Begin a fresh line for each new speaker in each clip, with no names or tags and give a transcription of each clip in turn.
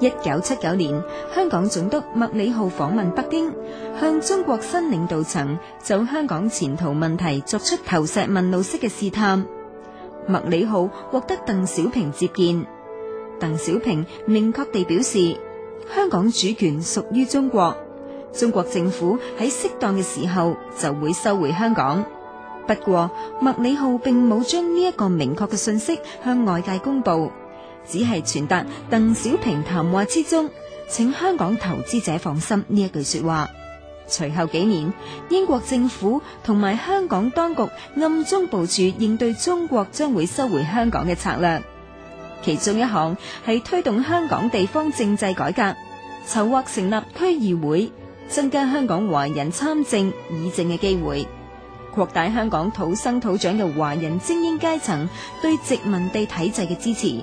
一九七九年，香港總督麥理浩訪問北京，向中國新領導層就香港前途問題作出投石問路式嘅試探。麥理浩獲得鄧小平接見，鄧小平明確地表示：香港主權屬於中國，中國政府喺適當嘅時候就會收回香港。不過，麥理浩並冇將呢一個明確嘅訊息向外界公布。只係傳達鄧小平談話之中，請香港投資者放心呢一句說話。隨後幾年，英國政府同埋香港當局暗中部署應對中國將會收回香港嘅策略，其中一項係推動香港地方政制改革，籌劃成立區議會，增加香港華人參政議政嘅機會，擴大香港土生土長嘅華人精英階層對殖民地體制嘅支持。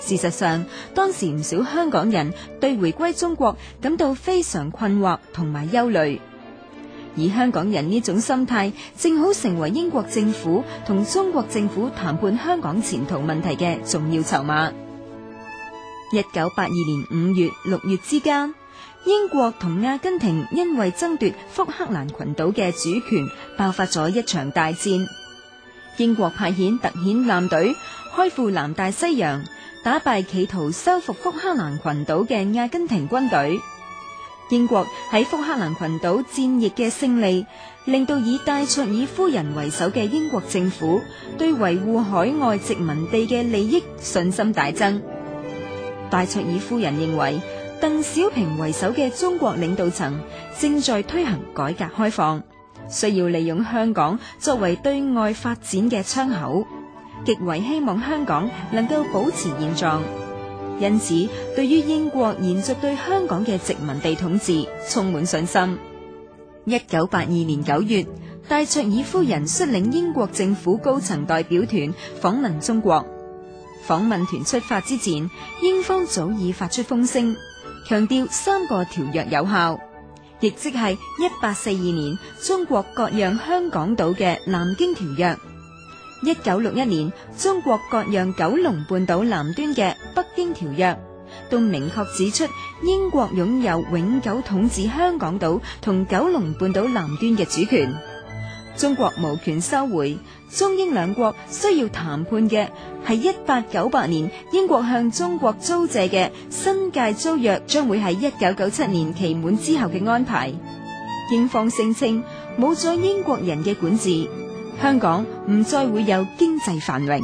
事實上，當時唔少香港人對回歸中國感到非常困惑同埋憂慮，以香港人呢種心態正好成為英國政府同中國政府談判香港前途問題嘅重要籌碼。一九八二年五月六月之間，英國同阿根廷因為爭奪福克蘭群島嘅主權，爆發咗一場大戰。英國派遣特遣艦隊開赴南大西洋。打敗企圖收復福克蘭群島嘅阿根廷軍隊，英國喺福克蘭群島戰役嘅勝利，令到以戴卓爾夫人為首嘅英國政府對維護海外殖民地嘅利益信心大增。戴卓爾夫人認為，鄧小平為首嘅中國領導層正在推行改革開放，需要利用香港作為對外發展嘅窗口。極為希望香港能夠保持現狀，因此對於英國延續對香港嘅殖民地統治充滿信心。一九八二年九月，戴卓爾夫人率領英國政府高層代表團訪問中國。訪問團出發之前，英方早已發出風聲，強調三個條約有效，亦即係一八四二年中國割讓香港島嘅《南京條約》。一九六一年，中國割讓九龍半島南端嘅《北京條約》都明確指出，英國擁有永久統治香港島同九龍半島南端嘅主權，中國無權收回。中英兩國需要談判嘅係一八九八年英國向中國租借嘅新界租約，將會喺一九九七年期滿之後嘅安排。英方聲稱冇咗英國人嘅管治。香港唔再會有經濟繁榮。